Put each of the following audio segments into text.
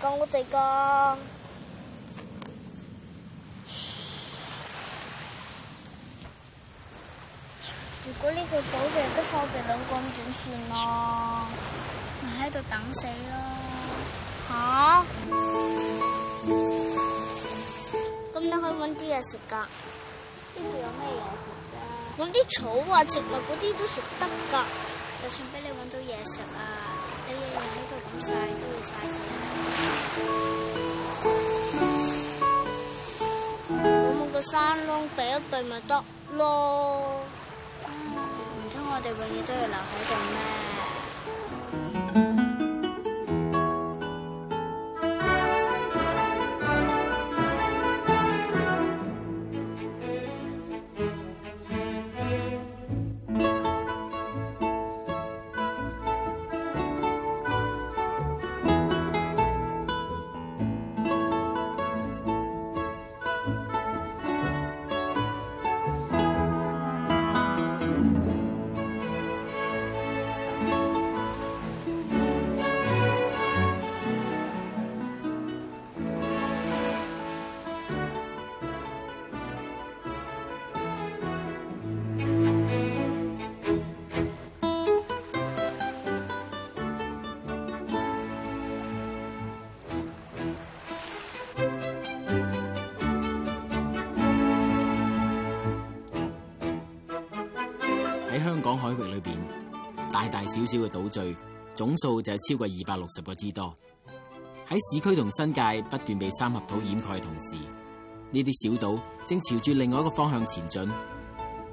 咁我哋講，如果呢個島上都放住兩公，點算啊？咪喺度等死咯？吓？咁你可以搵啲嘢食噶？呢度有咩嘢食啊？搵啲草啊，植物嗰啲都食得噶，就算俾你搵到嘢食啊。冇個山窿避一避咪得咯，唔通我哋永遠都要留喺度咩？港海域裏邊大大小小嘅島嶼總數就係超過二百六十個之多。喺市區同新界不斷被三合土掩蓋嘅同時，呢啲小島正朝住另外一個方向前進，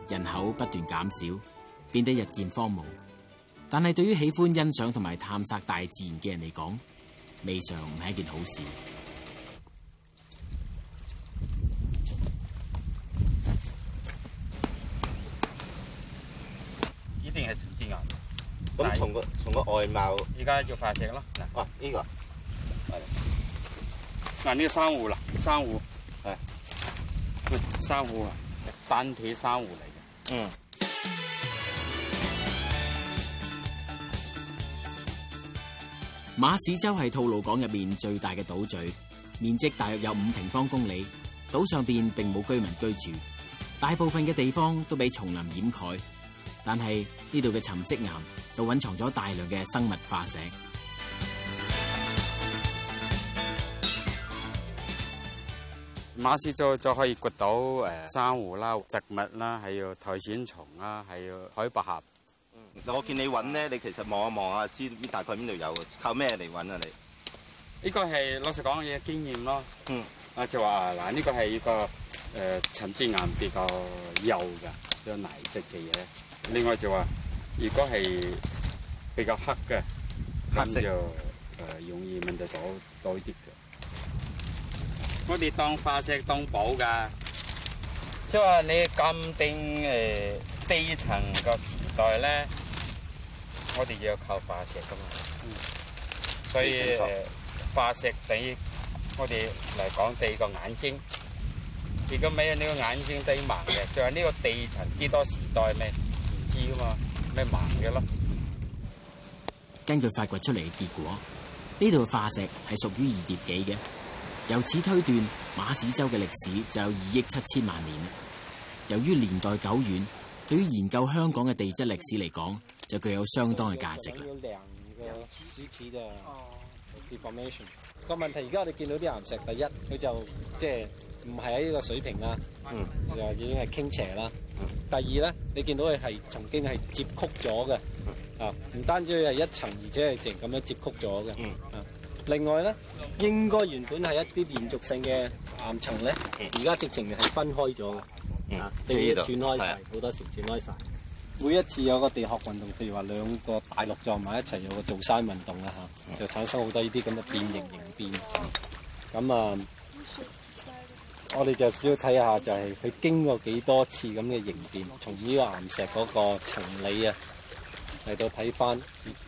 人口不斷減少，變得日漸荒蕪。但係對於喜歡欣賞同埋探索大自然嘅人嚟講，未嘗唔係一件好事。從個從個外貌，而家就化石咯。哇，呢個，嗱，呢個珊瑚啦，珊瑚係，珊瑚啊，單體珊瑚嚟嘅。嗯。馬屎洲係吐露港入面最大嘅島嶼，面積大約有五平方公里，島上邊並冇居民居住，大部分嘅地方都俾叢林掩蓋。但係呢度嘅沉積岩就蘊藏咗大量嘅生物化石。馬斯再可以掘到誒、呃、珊瑚啦、植物啦，係要苔蘚蟲啦，係要海百合。嗯、我見你搵咧，你其實望一望啊，知道大概邊度有靠咩嚟搵啊？你呢個係老實講嘅經驗咯。嗯，啊就話嗱，呢、這個係一個誒、呃、沉積岩比較幼㗎。這個就泥質嘅嘢。另外就話，如果係比較黑嘅，咁就誒容易問到多啲嘅。我哋當化石當寶㗎，即係話你鑑定誒地層個時代咧，我哋要靠化石㗎嘛。嗯。所以化石等於我哋嚟講係個眼睛。如果尾呢個眼睛地盲嘅，就係、是、呢個地層幾多時代咩唔知㗎嘛，咩盲嘅咯。根據發掘出嚟嘅結果，呢度嘅化石係屬於二疊紀嘅，由此推斷馬屎洲嘅歷史就有二億七千萬年。由於年代久遠，對於研究香港嘅地質歷史嚟講，就具有相當嘅價值啦。個、哦、問題而家我哋見到啲岩石，第一佢就即係。唔係喺呢個水平啦，就已經係傾斜啦。第二咧，你見到佢係曾經係折曲咗嘅，啊，唔單止係一層，而且係直咁樣折曲咗嘅。另外咧，應該原本係一啲連續性嘅岩層咧，而家直情係分開咗嘅，啊，都要轉開曬，好多時轉開曬。每一次有個地殼運動，譬如話兩個大陸撞埋一齊，有個造山運動啦，嚇，就產生好多呢啲咁嘅變形形變。咁啊。我哋就需要睇下，就係佢經過幾多次咁嘅形變，從呢個岩石嗰個層理啊，嚟到睇翻，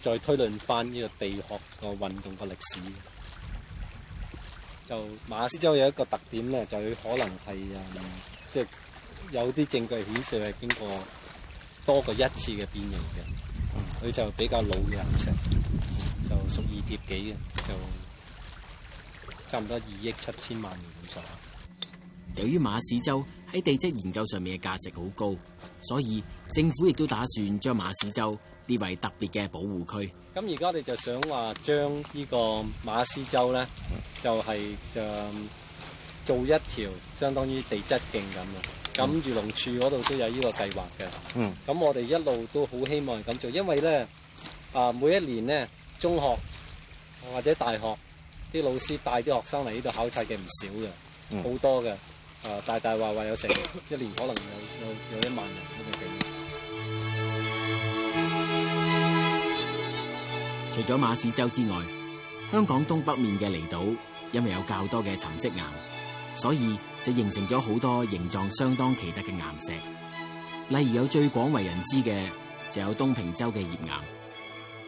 再推論翻呢個地殼個運動個歷史。就馬屎洲有一個特點咧，就佢可能係啊，即、嗯、係、就是、有啲證據顯示係經過多過一次嘅變形嘅，佢、嗯、就比較老嘅岩石，就屬二疊紀嘅，就差唔多二億七千萬年咁上下。由於馬屎洲喺地質研究上面嘅價值好高，所以政府亦都打算將馬屎洲列為特別嘅保護區。咁而家我哋就想話將呢個馬屎洲咧，就係誒做一條相當於地質徑咁嘅。咁漁農處嗰度都有呢個計劃嘅。嗯，咁我哋一路都好希望咁做，因為咧啊，每一年咧中學或者大學啲老師帶啲學生嚟呢度考察嘅唔少嘅，好、嗯、多嘅。誒大大話話有成一年，可能有有有一萬人嗰個規模。除咗馬屎洲之外，香港東北面嘅離島，因為有較多嘅沉積岩，所以就形成咗好多形狀相當奇特嘅岩石。例如有最廣為人知嘅，就有東平洲嘅葉岩。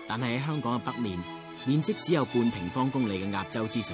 但係喺香港嘅北面，面積只有半平方公里嘅鴨洲之上，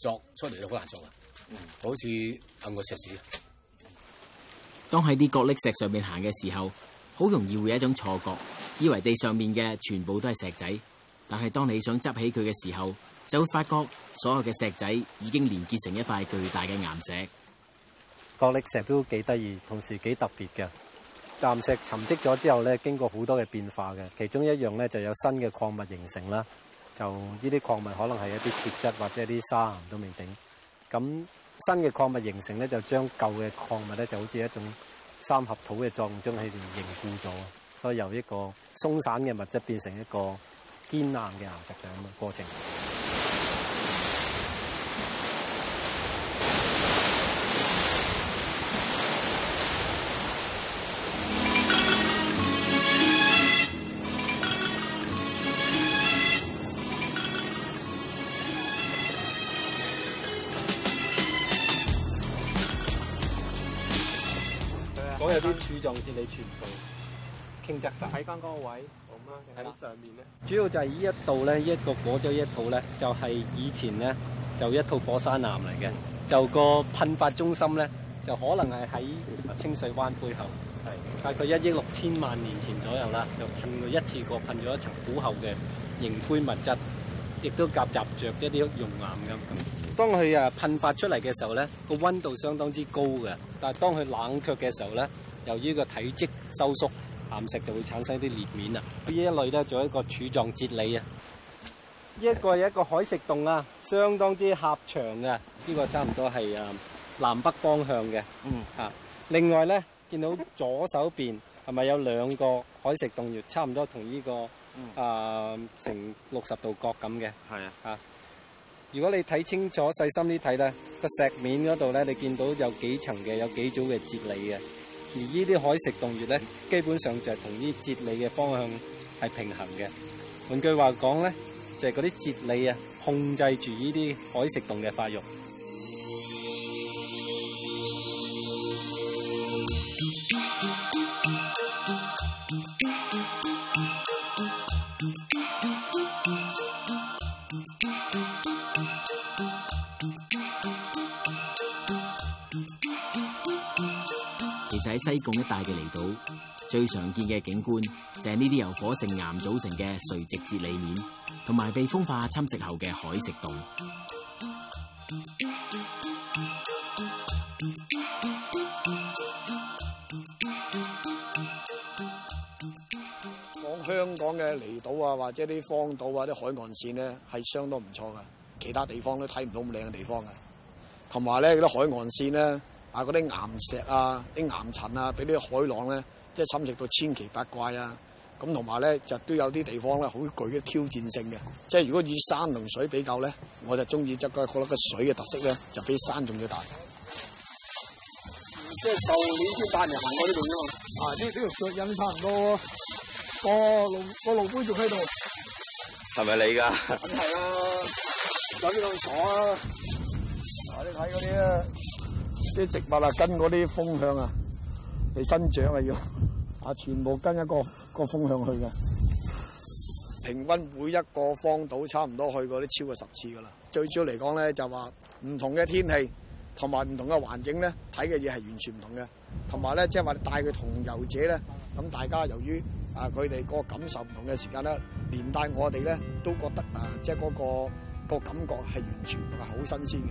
作出嚟都好難做啊，嗯，好似行個石屎。當喺啲角礫石上面行嘅時候，好容易會有一種錯覺，以為地上面嘅全部都係石仔。但係當你想執起佢嘅時候，就會發覺所有嘅石仔已經連結成一塊巨大嘅岩石。角力石都幾得意，同時幾特別嘅。岩石沉積咗之後呢，經過好多嘅變化嘅，其中一樣呢就有新嘅礦物形成啦。就呢啲礦物可能係一啲鐵質或者一啲砂岩都未定。咁新嘅礦物形成咧，就將舊嘅礦物咧，就好似一種三合土嘅作用，將佢哋凝固咗。所以由一個鬆散嘅物質變成一個堅硬嘅岩石就咁嘅過程。撞住你全部，傾側晒喺翻嗰個位，喺上面咧。主要就係呢一度咧，一個果州一套咧，就係以前咧就一套火山岩嚟嘅，就個噴發中心咧就可能係喺清水灣背後，係大概一億六千萬年前左右啦，就噴過一次過噴咗一層好厚嘅凝灰物質，亦都夾雜著一啲熔岩咁。當佢啊噴發出嚟嘅時候咧，個溫度相當之高嘅，但係當佢冷卻嘅時候咧。由於個體積收縮，岩石就會產生一啲裂面啊。呢一類咧，做一個柱狀節理啊。呢一個係一個海蝕洞啊，相當之狹長嘅。呢個差唔多係啊南北方向嘅。嗯。嚇，另外咧，見到左手邊係咪有兩個海蝕洞穴？差唔多同呢個啊，成六十度角咁嘅。係啊。嚇，如果你睇清楚、細心啲睇啦，個石面嗰度咧，你見到有幾層嘅，有幾組嘅節理嘅。而呢啲海食洞穴咧，基本上就係同呢節理嘅方向係平行嘅。換句話講咧，就係嗰啲節理啊，控制住呢啲海食洞嘅發育。就喺西貢一帶嘅離島，最常見嘅景觀就係呢啲由火成岩組成嘅垂直節理面，同埋被風化侵蝕後嘅海蝕洞。講香港嘅離島啊，或者啲荒島啊，啲海岸線呢，係相當唔錯噶，其他地方都睇唔到咁靚嘅地方噶，同埋咧嗰啲海岸線呢。啊！嗰啲岩石啊，啲岩塵啊，俾啲海浪咧，即係侵蝕到千奇百怪啊！咁同埋咧，就都有啲地方咧，好具嘅挑戰性嘅。即係如果以山同水比較咧，我就中意即係覺得個水嘅特色咧，就比山仲要大。即係舊年先帶你行過呢度啫嘛。啊！呢呢度腳印差唔多。個路個路杯仲喺度。係、哦、咪你㗎？梗係啦，有邊度爽啊？嗱、啊，你睇嗰啲啊～啲植物啊，跟嗰啲風向啊你生長啊，要啊全部跟一個個風向去嘅。平均每一個荒島差唔多去過啲超過十次噶啦。最主要嚟講咧，就話唔同嘅天氣同埋唔同嘅環境咧，睇嘅嘢係完全唔同嘅。同埋咧，即係話你帶佢同遊者咧，咁大家由於啊佢哋個感受唔同嘅時間咧，連帶我哋咧都覺得啊，即係嗰個、嗰個嗰個感覺係完全唔係好新鮮嘅。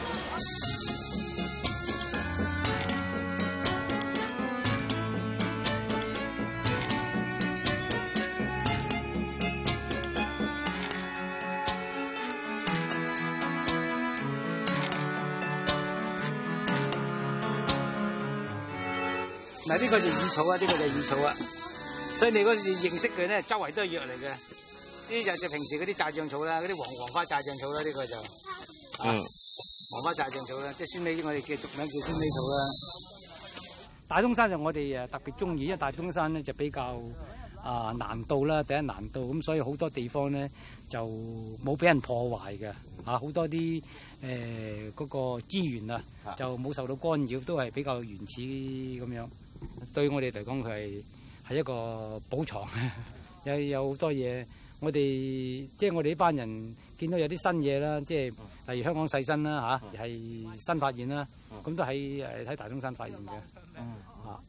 哋。呢個就野草啊，呢、這個就野草啊，所以你嗰時認識識佢咧，周圍都係藥嚟嘅。呢就就平時啲酢漿草啦，啲黃黃花酢漿草啦，呢、這個就係、嗯啊、黃花酢漿草啦，即係酸味我哋叫俗名叫酸味草啦。大東山就我哋誒特別鍾意，因為大東山咧就比較啊難度啦，第一難度咁，所以好多地方咧就冇俾人破壞嘅啊好多啲誒、呃那個資源啊就冇受到干擾都係比較原始咁樣。對我哋嚟講，佢係係一個寶藏，有有好多嘢。我哋即係我哋呢班人見到有啲新嘢啦，即係例如香港細辛啦吓，係新發現啦，咁都喺誒喺大中山發現嘅吓。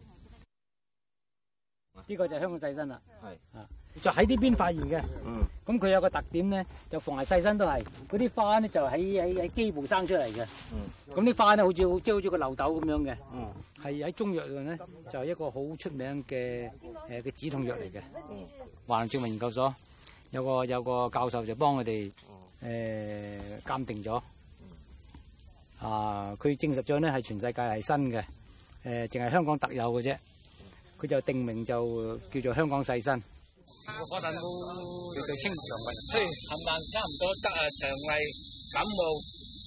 呢個就係香港細辛啦，吓是。就喺呢邊發現嘅，咁佢有個特點咧，就逢係細身都係嗰啲花咧，就喺喺喺基部生出嚟嘅。咁啲花咧，好似即係好似個漏斗咁樣嘅，係喺中藥上咧就係一個好出名嘅誒嘅止痛藥嚟嘅。華南植物研究所有個有個教授就幫佢哋誒鑑定咗，啊，佢證實咗咧係全世界係新嘅，誒，淨係香港特有嘅啫。佢就定名就叫做香港細身。我可能叫做清腸胃，即係冚唪唥差唔多得啊。腸胃感冒，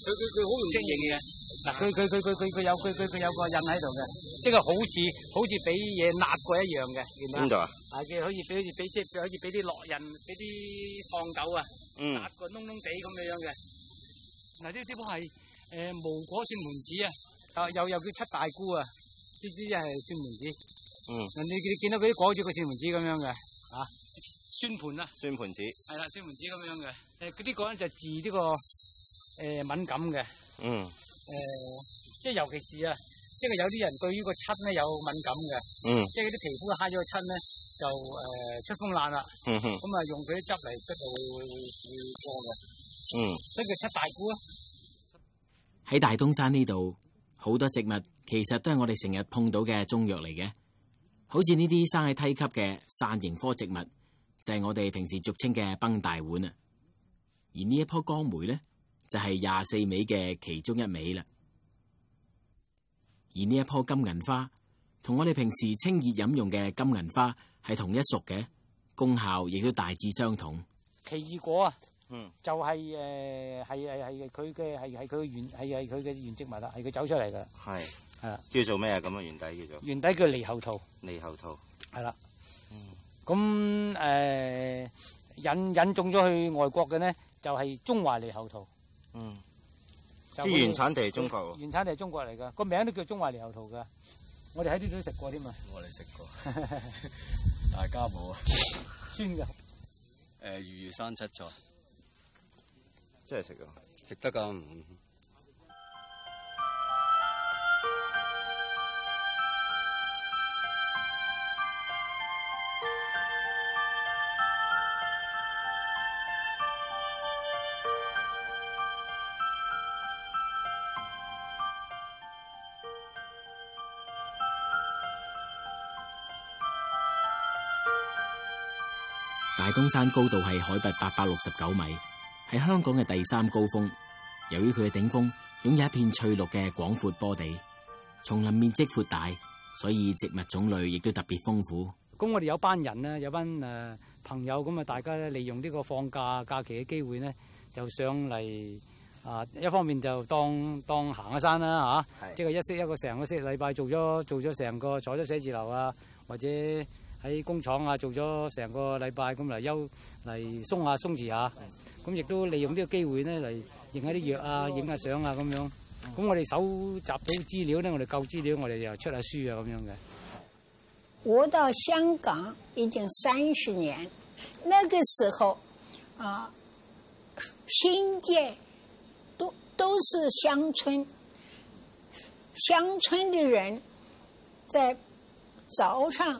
佢佢佢好容易嘅。嗱，佢佢佢佢佢佢有佢佢佢有個印喺度嘅，即係好似好似俾嘢辣過一樣嘅。見到啊？係佢、啊、好似俾好似俾即好似俾啲落人，俾啲放狗啊，辣個窿窿地咁樣樣嘅。嗱，呢啲都係誒無果算門子啊，啊，又又叫七大姑啊，呢啲即係算門子。嗯，你你見到佢啲果子個算門子咁樣嘅？啊，算盤啊，啊，算盤子係啦，算盤子咁樣嘅，誒、這個，啲講咧就治呢個誒敏感嘅，嗯，誒、呃，即係尤其是啊，即係有啲人對於個漆咧有敏感嘅，嗯，即係嗰啲皮膚揩咗個漆咧就誒、呃、出風爛啦，咁啊用佢啲汁嚟即係會會會會嘅，嗯，即係漆大姑啊。喺大東山呢度好多植物，其實都係我哋成日碰到嘅中藥嚟嘅。好似呢啲生喺梯級嘅傘形科植物，就係我哋平時俗稱嘅崩大碗啊！而呢一棵崗梅咧，就係廿四味嘅其中一味啦。而呢一棵金銀花，同我哋平時清熱飲用嘅金銀花係同一屬嘅，功效亦都大致相同。奇異果啊，嗯，就係誒，係係係佢嘅係係佢嘅原係係佢嘅原植物啦，係佢走出嚟噶。係。叫做做咩啊？咁啊，原底叫做原底叫獼猴桃，獼猴桃係啦。咁誒引引種咗去外國嘅呢，就係中華獼猴桃。嗯，啲原產地係中國，原產地係中國嚟噶，個名都叫中華獼猴桃噶。我哋喺呢度都食過添嘛，我哋食過，大家冇啊？酸噶。誒，魚生七菜，真係食過，食得噶。中山高度係海拔八百六十九米，係香港嘅第三高峰。由於佢嘅頂峰擁有一片翠綠嘅廣闊坡地，叢林面積闊大，所以植物種類亦都特別豐富。咁我哋有一班人有一班誒、呃、朋友咁啊，大家咧利用呢個放假假期嘅機會咧，就上嚟啊，一方面就當當行下山啦吓，即、啊、係的一息一個成個星禮拜做咗做咗成個坐咗寫字樓啊，或者。喺工廠啊，做咗成個禮拜咁嚟，休嚟鬆下鬆弛下咁，亦都利用呢個機會咧嚟，影下啲藥啊、影下相啊咁樣咁的、嗯、我哋搜集到資料咧，我哋舊資料我哋又出下、啊、書啊咁樣嘅。我到香港已經三十年，那個時候啊，新界都都是鄉村，鄉村的人在早上。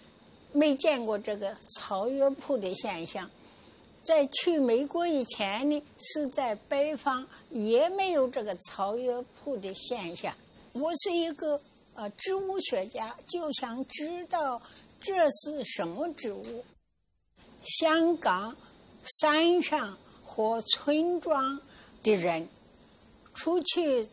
沒見過這個草藥鋪的現象，在去美國以前呢，是在北方，也沒有這個草藥鋪的現象。我是一個呃植物學家，就想知道這是什麼植物。香港山上和村莊的人出去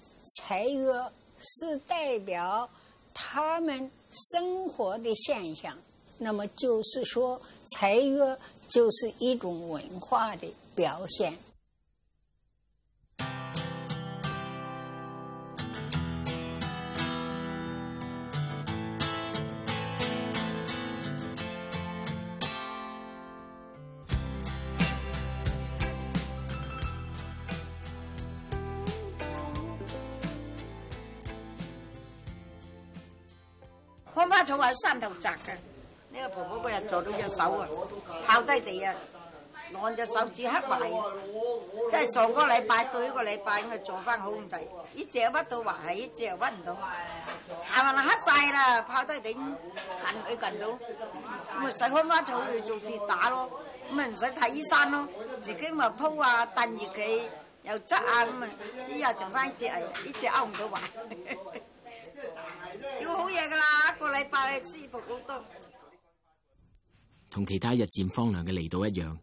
採藥，是代表他們生活的現象。那麼就是說，財月就是一種文化的表現。花花草草山頭摘根。嗰日做到隻手啊，趴低地啊，攞隻手指黑埋，即係上個禮拜到一個禮拜咁啊，坐翻好唔齊，呢隻屈到埋，呢隻又屈唔到，行行下黑晒啦，趴低頂近佢近到，咪使開翻坐去做跌打咯，咁咪唔使睇醫生咯，自己咪鋪啊、燉熱佢又執啊咁啊，呢日剩翻一隻，呢隻拗唔到埋，要好嘢噶啦，一個禮拜舒服好多。同其他日漸荒涼嘅離島一樣，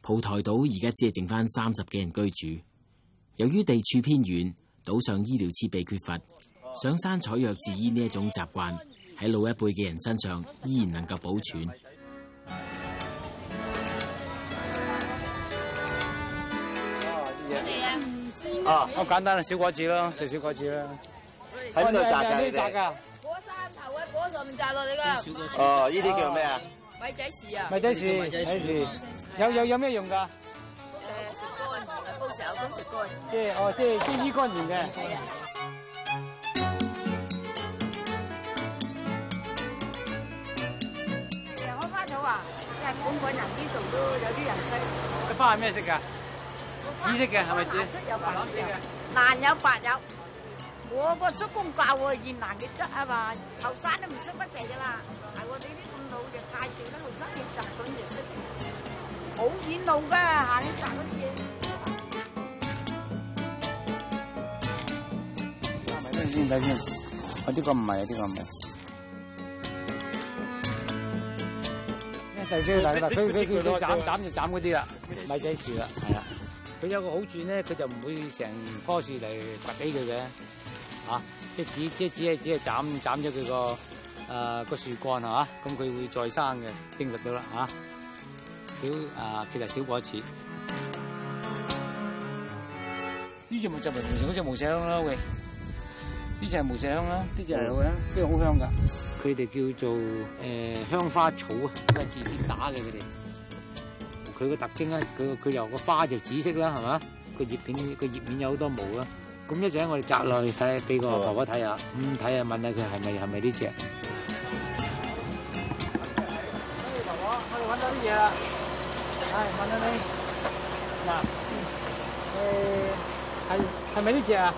蒲台島而家只係剩翻三十幾人居住。由於地處偏遠，島上醫療設備缺乏，上山採藥自醫呢一種習慣喺老一輩嘅人身上依然能夠保存。我、哦、簡單啊，小果子啦，食小果子啦，喺邊度摘噶你哋？果山頭嘅果上面摘落嚟噶。哦，呢啲叫咩啊？哦鬼仔事啊！鬼仔事，鬼仔事，有有有咩用噶？誒食乾，煲茶又煲食乾。即係哦，即係即係醫肝炎嘅。野花草啊！即係本港人呢度都有啲人識。個花係咩色㗎？紫色嘅，係咪紫色？藍有白有。難有白有。冇啊！我個叔公教喎，越難嘅質啊嘛，後生都唔識乜嘢㗎啦。係我哋呢？太潮啦！好犀利，摘嗰啲嘢識，好遠路噶，下邊摘嗰啲嘢。啊！唔係呢啲，唔係呢啲，呢啲咁唔係嘅，呢啲咁唔係。第啲嗱嗱，佢佢佢佢斬斬就斬嗰啲啦，米仔樹啦，係啦。佢有個好處咧，佢就唔會成棵樹嚟拔起佢嘅，嚇！即係只即係只係只係斬斬咗佢個。誒，個樹幹係嘛？咁佢、啊嗯、會再生嘅，證實到啦吓、啊啊。其實少過一次。呢隻咪就係平常嗰隻毛石香啦喂，呢隻係毛石香啦，呢隻係好啊，呢個好香噶。佢哋叫做誒、呃、香花草啊，都係自己打嘅佢哋。佢個特徵咧，佢佢由個花就紫色啦，係嘛？個葉片個葉片有好多毛啦、啊。咁一陣我哋摘落去睇，俾個婆婆睇下，咁睇下問下佢係咪係咪呢隻？是揾多啲嘢啦，係，揾多啲，嗱，誒，還還冇呢隻啊？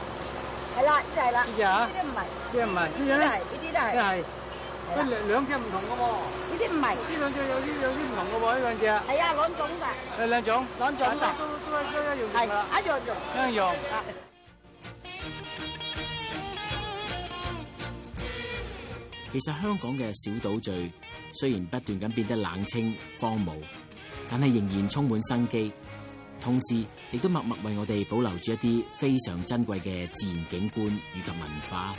係啦，就係啦，呢隻啊？呢啲唔係，呢啲唔係，呢隻咧？呢啲都係，都係，都兩兩隻唔同噶喎。呢啲唔係，呢兩隻有啲有啲唔同噶喎，呢兩隻。係啊，兩種噶。誒，兩種，兩種噶，都都都一樣噶啦，係，一樣就一樣。其實香港嘅小島嶼。雖然不斷咁變得冷清荒蕪，但係仍然充滿生機，同時亦都默默為我哋保留住一啲非常珍貴嘅自然景觀以及文化。